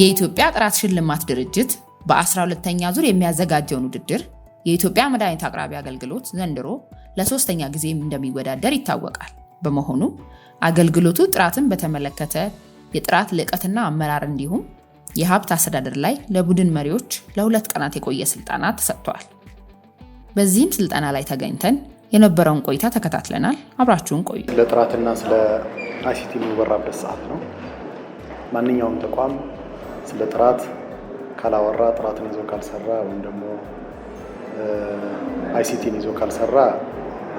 የኢትዮጵያ ጥራት ሽልማት ድርጅት በ 12 ተኛ ዙር የሚያዘጋጀውን ውድድር የኢትዮጵያ መድኃኒት አቅራቢ አገልግሎት ዘንድሮ ለሶስተኛ ጊዜ እንደሚወዳደር ይታወቃል። በመሆኑ አገልግሎቱ ጥራትን በተመለከተ የጥራት ልዕቀትና አመራር እንዲሁም የሀብት አስተዳደር ላይ ለቡድን መሪዎች ለሁለት ቀናት የቆየ ስልጠና ተሰጥቷል። በዚህም ስልጠና ላይ ተገኝተን የነበረውን ቆይታ ተከታትለናል። አብራችሁን ቆዩ። ስለ ጥራትና ስለ አይሲቲ የሚወራበት ሰዓት ነው። ማንኛውም ተቋም ስለ ጥራት ካላወራ ጥራትን ይዞ ካልሰራ ወይም ደግሞ አይሲቲን ይዞ ካልሰራ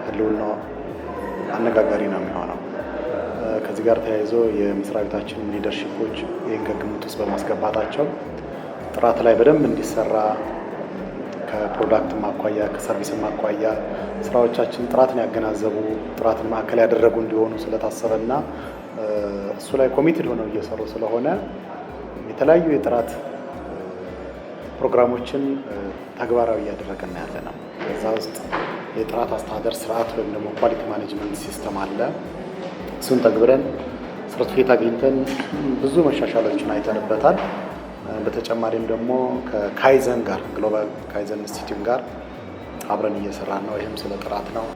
ህልውና አነጋጋሪ ነው የሚሆነው። ከዚህ ጋር ተያይዞ የመስሪያ ቤታችን ሊደርሽፖች ይህን ከግምት ውስጥ በማስገባታቸው ጥራት ላይ በደንብ እንዲሰራ ከፕሮዳክትም አኳያ ከሰርቪስም አኳያ ስራዎቻችን ጥራትን ያገናዘቡ ጥራትን ማዕከል ያደረጉ እንዲሆኑ ስለታሰበና እሱ ላይ ኮሚትድ ሆነው እየሰሩ ስለሆነ የተለያዩ የጥራት ፕሮግራሞችን ተግባራዊ እያደረገና ያለ ነው። ከዛ ውስጥ የጥራት አስተዳደር ስርዓት ወይም ደግሞ ኳሊቲ ማኔጅመንት ሲስተም አለ። እሱን ተግብረን ሰርቲፊኬት አግኝተን ብዙ መሻሻሎችን አይተንበታል። በተጨማሪም ደግሞ ከካይዘን ጋር ግሎባል ካይዘን ኢንስቲትዩት ጋር አብረን እየሰራን ነው። ይህም ስለ ጥራት ነው።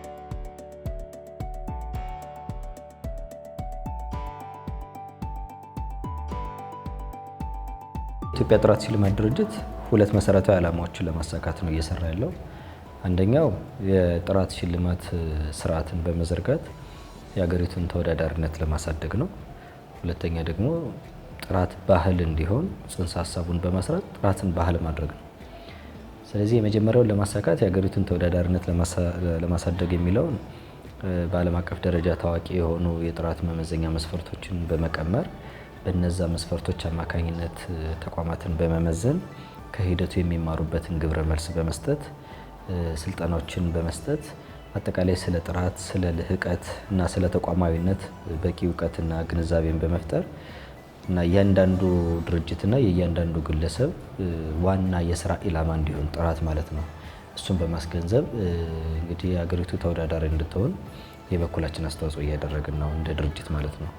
የኢትዮጵያ ጥራት ሽልማት ድርጅት ሁለት መሰረታዊ ዓላማዎችን ለማሳካት ነው እየሰራ ያለው። አንደኛው የጥራት ሽልማት ስርዓትን በመዘርጋት የሀገሪቱን ተወዳዳሪነት ለማሳደግ ነው። ሁለተኛ ደግሞ ጥራት ባህል እንዲሆን ጽንሰ ሀሳቡን በማስራት ጥራትን ባህል ማድረግ ነው። ስለዚህ የመጀመሪያውን ለማሳካት የሀገሪቱን ተወዳዳሪነት ለማሳደግ የሚለውን በዓለም አቀፍ ደረጃ ታዋቂ የሆኑ የጥራት መመዘኛ መስፈርቶችን በመቀመር በነዛ መስፈርቶች አማካኝነት ተቋማትን በመመዘን ከሂደቱ የሚማሩበትን ግብረ መልስ በመስጠት ስልጠናዎችን በመስጠት አጠቃላይ ስለ ጥራት፣ ስለ ልህቀት እና ስለ ተቋማዊነት በቂ እውቀትና ግንዛቤን በመፍጠር እና እያንዳንዱ ድርጅትና የእያንዳንዱ ግለሰብ ዋና የስራ ኢላማ እንዲሆን ጥራት ማለት ነው። እሱን በማስገንዘብ እንግዲህ የሀገሪቱ ተወዳዳሪ እንድትሆን የበኩላችን አስተዋጽኦ እያደረግን ነው እንደ ድርጅት ማለት ነው።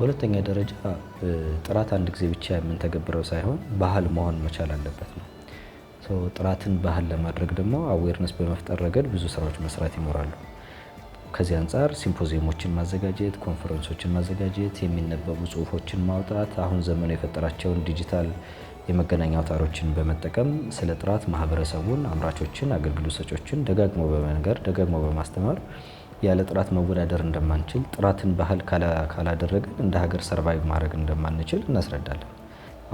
በሁለተኛ ደረጃ ጥራት አንድ ጊዜ ብቻ የምንተገብረው ሳይሆን ባህል መሆን መቻል አለበት ነው። ጥራትን ባህል ለማድረግ ደግሞ አዌርነስ በመፍጠር ረገድ ብዙ ስራዎች መስራት ይኖራሉ። ከዚህ አንጻር ሲምፖዚየሞችን ማዘጋጀት፣ ኮንፈረንሶችን ማዘጋጀት፣ የሚነበቡ ጽሁፎችን ማውጣት፣ አሁን ዘመኑ የፈጠራቸውን ዲጂታል የመገናኛ አውታሮችን በመጠቀም ስለ ጥራት ማህበረሰቡን፣ አምራቾችን፣ አገልግሎት ሰጮችን ደጋግሞ በመንገር ደጋግሞ በማስተማር ያለ ጥራት መወዳደር እንደማንችል፣ ጥራትን ባህል ካላደረግን እንደ ሀገር ሰርቫይቭ ማድረግ እንደማንችል እናስረዳለን።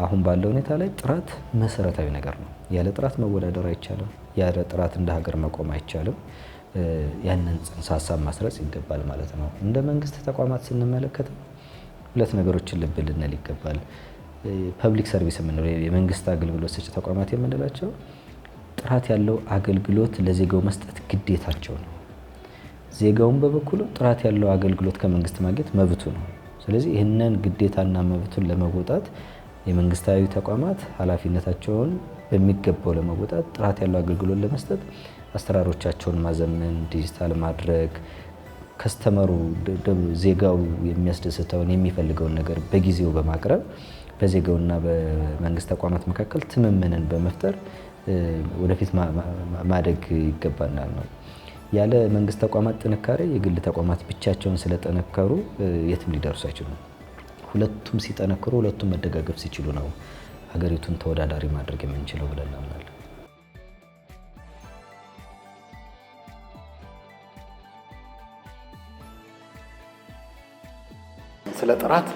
አሁን ባለው ሁኔታ ላይ ጥራት መሰረታዊ ነገር ነው። ያለ ጥራት መወዳደር አይቻልም። ያለ ጥራት እንደ ሀገር መቆም አይቻልም። ያንን ጽንሰ ሀሳብ ማስረጽ ይገባል ማለት ነው። እንደ መንግስት ተቋማት ስንመለከት ሁለት ነገሮችን ልብ ልንል ይገባል። ፐብሊክ ሰርቪስ የምንለው የመንግስት አገልግሎት ሰጪ ተቋማት የምንላቸው ጥራት ያለው አገልግሎት ለዜጋው መስጠት ግዴታቸው ነው። ዜጋውን በበኩሉ ጥራት ያለው አገልግሎት ከመንግስት ማግኘት መብቱ ነው። ስለዚህ ይህንን ግዴታና መብቱን ለመወጣት የመንግስታዊ ተቋማት ኃላፊነታቸውን በሚገባው ለመወጣት ጥራት ያለው አገልግሎት ለመስጠት አሰራሮቻቸውን ማዘመን፣ ዲጂታል ማድረግ፣ ከስተመሩ ዜጋው የሚያስደስተውን የሚፈልገውን ነገር በጊዜው በማቅረብ በዜጋውና በመንግስት ተቋማት መካከል ትምምንን በመፍጠር ወደፊት ማደግ ይገባናል ነው። ያለ መንግስት ተቋማት ጥንካሬ የግል ተቋማት ብቻቸውን ስለጠነከሩ የትም ሊደርሱ አይችሉም። ሁለቱም ሲጠነክሩ፣ ሁለቱም መደጋገፍ ሲችሉ ነው ሀገሪቱን ተወዳዳሪ ማድረግ የምንችለው ብለን እናምናለን። ስለ ጥራት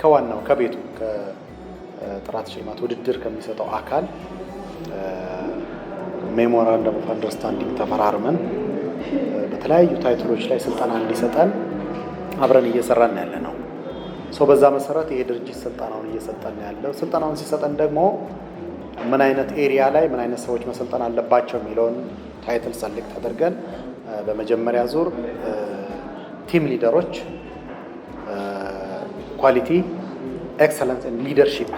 ከዋናው ከቤቱ ከጥራት ሽልማት ውድድር ከሚሰጠው አካል ሜሞራንደም ኦፍ አንደርስታንዲንግ ተፈራርመን በተለያዩ ታይትሎች ላይ ስልጠና እንዲሰጠን አብረን እየሰራን ያለ ነው። ሰው በዛ መሰረት ይሄ ድርጅት ስልጠናውን እየሰጠን ያለው ስልጠናውን ሲሰጠን ደግሞ ምን አይነት ኤሪያ ላይ ምን አይነት ሰዎች መሰልጠን አለባቸው የሚለውን ታይትል ሰሌክት አድርገን በመጀመሪያ ዙር ቲም ሊደሮች ኳሊቲ ኤክሰለንስ ሊደርሺፕ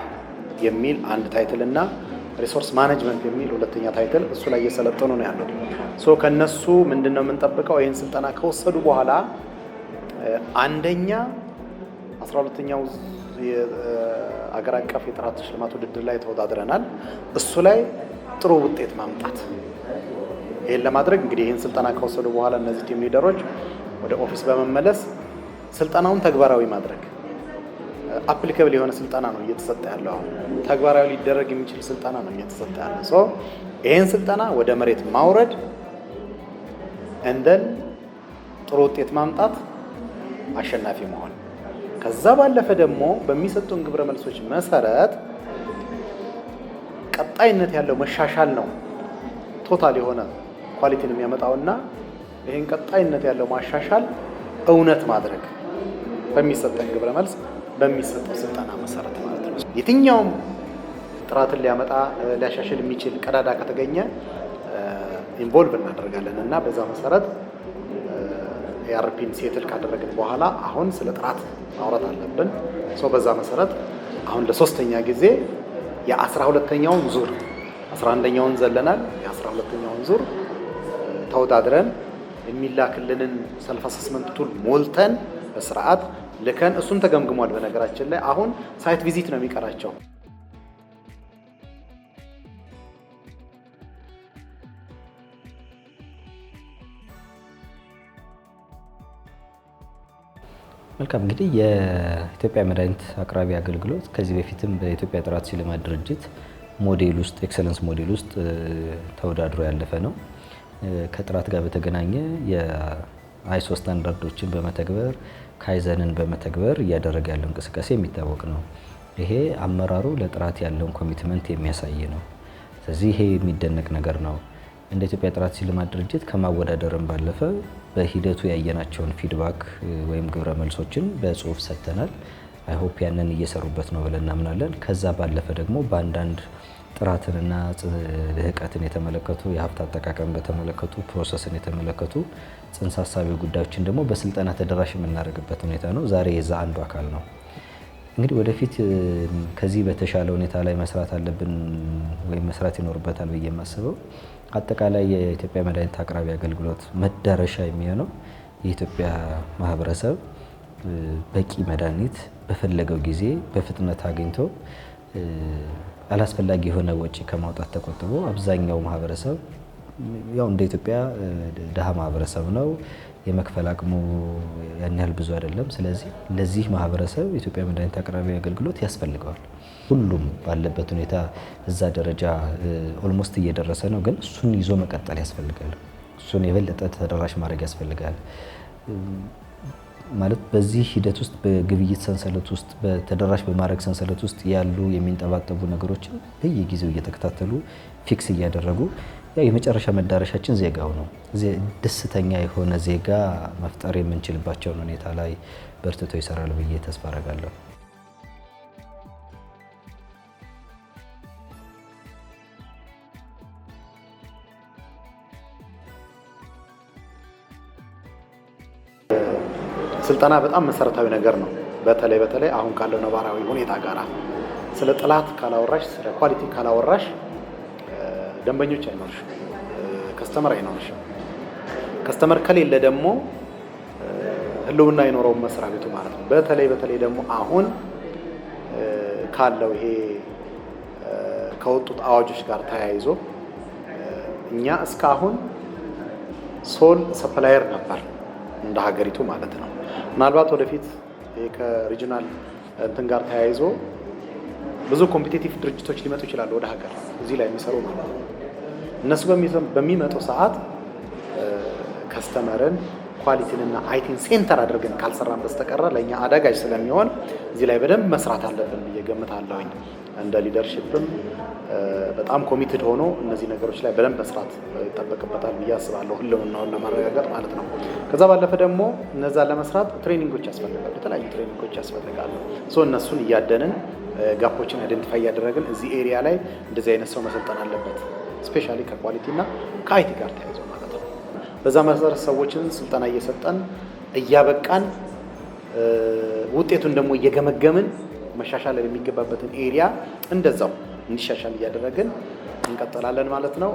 የሚል አንድ ታይትል እና ሪሶርስ ማኔጅመንት የሚል ሁለተኛ ታይትል እሱ ላይ እየሰለጠኑ ነው ያለው። ሶ ከነሱ ምንድን ነው የምንጠብቀው? ይህን ስልጠና ከወሰዱ በኋላ አንደኛ አስራ ሁለተኛው አገር አቀፍ የጥራት ሽልማት ውድድር ላይ ተወዳድረናል። እሱ ላይ ጥሩ ውጤት ማምጣት። ይህን ለማድረግ እንግዲህ ይህን ስልጠና ከወሰዱ በኋላ እነዚህ ቲም ሊደሮች ወደ ኦፊስ በመመለስ ስልጠናውን ተግባራዊ ማድረግ አፕሊካብል የሆነ ስልጠና ነው እየተሰጠ ያለው። አሁን ተግባራዊ ሊደረግ የሚችል ስልጠና ነው እየተሰጠ ያለው። ሶ ይህን ስልጠና ወደ መሬት ማውረድ እንደን ጥሩ ውጤት ማምጣት አሸናፊ መሆን። ከዛ ባለፈ ደግሞ በሚሰጡን ግብረ መልሶች መሰረት ቀጣይነት ያለው መሻሻል ነው ቶታል የሆነ ኳሊቲን የሚያመጣውና ይህን ቀጣይነት ያለው ማሻሻል እውነት ማድረግ በሚሰጠን ግብረ መልስ በሚሰጠው ስልጠና መሰረት ማለት ነው። የትኛውም ጥራትን ሊያመጣ ሊያሻሽል የሚችል ቀዳዳ ከተገኘ ኢንቮልቭ እናደርጋለን እና በዛ መሰረት ኤአርፒን ሴትል ካደረግን በኋላ አሁን ስለ ጥራት ማውራት አለብን። በዛ መሰረት አሁን ለሶስተኛ ጊዜ የአስራ ሁለተኛውን ዙር አስራ አንደኛውን ዘለናል። የአስራ ሁለተኛውን ዙር ተወዳድረን የሚላክልንን ሰልፍ አሰስመንት ቱል ሞልተን በስርዓት ልከን እሱም ተገምግሟል። በነገራችን ላይ አሁን ሳይት ቪዚት ነው የሚቀራቸው። መልካም እንግዲህ የኢትዮጵያ መድኃኒት አቅራቢ አገልግሎት ከዚህ በፊትም በኢትዮጵያ ጥራት ሲልማት ድርጅት ሞዴል ውስጥ ኤክሰለንስ ሞዴል ውስጥ ተወዳድሮ ያለፈ ነው። ከጥራት ጋር በተገናኘ የአይሶ ስታንዳርዶችን በመተግበር ካይዘንን በመተግበር እያደረገ ያለው እንቅስቃሴ የሚታወቅ ነው። ይሄ አመራሩ ለጥራት ያለውን ኮሚትመንት የሚያሳይ ነው። ስለዚህ ይሄ የሚደነቅ ነገር ነው። እንደ ኢትዮጵያ ጥራት ሽልማት ድርጅት ከማወዳደርም ባለፈ በሂደቱ ያየናቸውን ፊድባክ ወይም ግብረ መልሶችን በጽሁፍ ሰጥተናል። አይሆፕ ያንን እየሰሩበት ነው ብለን እናምናለን። ከዛ ባለፈ ደግሞ በአንዳንድ ጥራትንና ልህቀትን የተመለከቱ የሀብት አጠቃቀም በተመለከቱ ፕሮሰስን የተመለከቱ ጽንሰ ሀሳቢ ጉዳዮችን ደግሞ በስልጠና ተደራሽ የምናደርግበት ሁኔታ ነው። ዛሬ የዛ አንዱ አካል ነው። እንግዲህ ወደፊት ከዚህ በተሻለ ሁኔታ ላይ መስራት አለብን ወይም መስራት ይኖርበታል ብዬ የማስበው አጠቃላይ የኢትዮጵያ መድኃኒት አቅራቢ አገልግሎት መዳረሻ የሚሆነው የኢትዮጵያ ማህበረሰብ በቂ መድኃኒት በፈለገው ጊዜ በፍጥነት አግኝቶ አላስፈላጊ የሆነ ወጪ ከማውጣት ተቆጥቦ አብዛኛው ማህበረሰብ ያው እንደ ኢትዮጵያ ድሃ ማህበረሰብ ነው። የመክፈል አቅሙ ያን ያህል ብዙ አይደለም። ስለዚህ ለዚህ ማህበረሰብ የኢትዮጵያ መድኃኒት አቅራቢ አገልግሎት ያስፈልገዋል። ሁሉም ባለበት ሁኔታ እዛ ደረጃ ኦልሞስት እየደረሰ ነው፣ ግን እሱን ይዞ መቀጠል ያስፈልጋል። እሱን የበለጠ ተደራሽ ማድረግ ያስፈልጋል። ማለት በዚህ ሂደት ውስጥ በግብይት ሰንሰለት ውስጥ በተደራሽ በማድረግ ሰንሰለት ውስጥ ያሉ የሚንጠባጠቡ ነገሮችን በየጊዜው እየተከታተሉ ፊክስ እያደረጉ ያው የመጨረሻ መዳረሻችን ዜጋው ነው። ደስተኛ የሆነ ዜጋ መፍጠር የምንችልባቸውን ሁኔታ ላይ በርትቶ ይሰራል ብዬ ተስፋ አረጋለሁ። ስልጠና በጣም መሰረታዊ ነገር ነው። በተለይ በተለይ አሁን ካለው ነባራዊ ሁኔታ ጋር ስለ ጥላት ካላወራሽ፣ ስለ ኳሊቲ ካላወራሽ ደንበኞች አይኖርሽ፣ ከስተመር አይኖርሽ። ከስተመር ከሌለ ደግሞ ህልውና አይኖረውም መስሪያ ቤቱ ማለት ነው። በተለይ በተለይ ደግሞ አሁን ካለው ይሄ ከወጡት አዋጆች ጋር ተያይዞ እኛ እስካሁን ሶል ሰፕላየር ነበር እንደ ሀገሪቱ ማለት ነው። ምናልባት ወደፊት ከሪጅናል እንትን ጋር ተያይዞ ብዙ ኮምፒቴቲቭ ድርጅቶች ሊመጡ ይችላሉ ወደ ሀገር እዚህ ላይ የሚሰሩ ማለት ነው። እነሱ በሚመጡ ሰዓት ከስተመርን ኳሊቲንና አይቲን ሴንተር አድርገን ካልሰራን በስተቀረ ለእኛ አዳጋጅ ስለሚሆን እዚህ ላይ በደንብ መስራት አለብን ብዬ ገምታለሁኝ። እንደ ሊደርሽፕም በጣም ኮሚትድ ሆኖ እነዚህ ነገሮች ላይ በደንብ መስራት ይጠበቅበታል ብዬ አስባለሁ፣ ህልውናውን ለማረጋገጥ ማለት ነው። ከዛ ባለፈ ደግሞ እነዛን ለመስራት ትሬኒንጎች ያስፈልጋሉ፣ የተለያዩ ትሬኒንጎች ያስፈልጋሉ። ሶ እነሱን እያደንን ጋፖችን አይደንቲፋይ እያደረግን እዚህ ኤሪያ ላይ እንደዚህ አይነት ሰው መሰልጠን አለበት፣ ስፔሻሊ ከኳሊቲ እና ከአይቲ ጋር ተያይዞ ማለት ነው። በዛ መሰረት ሰዎችን ስልጠና እየሰጠን እያበቃን ውጤቱን ደግሞ እየገመገምን መሻሻል የሚገባበትን ኤሪያ እንደዛው እንዲሻሻል እያደረግን እንቀጥላለን ማለት ነው።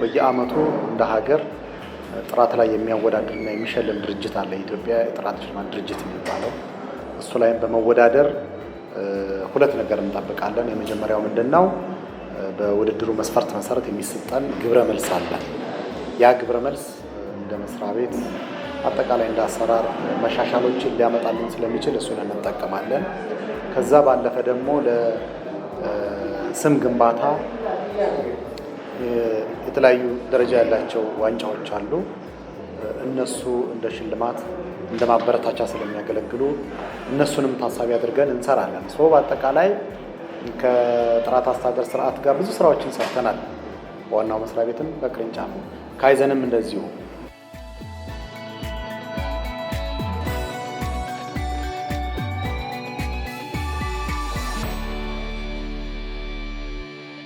በየአመቱ እንደ ሀገር ጥራት ላይ የሚያወዳድርና የሚሸልም ድርጅት አለ። የኢትዮጵያ የጥራት ሽልማት ድርጅት የሚባለው እሱ ላይም በመወዳደር ሁለት ነገር እንጠብቃለን። የመጀመሪያው ምንድን ነው? በውድድሩ መስፈርት መሰረት የሚሰጠን ግብረ መልስ አለ። ያ ግብረ መልስ እንደ መስሪያ ቤት አጠቃላይ እንደ አሰራር መሻሻሎችን ሊያመጣልን ስለሚችል እሱን እንጠቀማለን። ከዛ ባለፈ ደግሞ ለስም ግንባታ የተለያዩ ደረጃ ያላቸው ዋንጫዎች አሉ። እነሱ እንደ ሽልማት እንደ ማበረታቻ ስለሚያገለግሉ እነሱንም ታሳቢ አድርገን እንሰራለን። ሶ በአጠቃላይ ከጥራት አስተዳደር ስርዓት ጋር ብዙ ስራዎችን ሰርተናል። በዋናው መስሪያ ቤትም በቅርንጫፉ ካይዘንም እንደዚሁ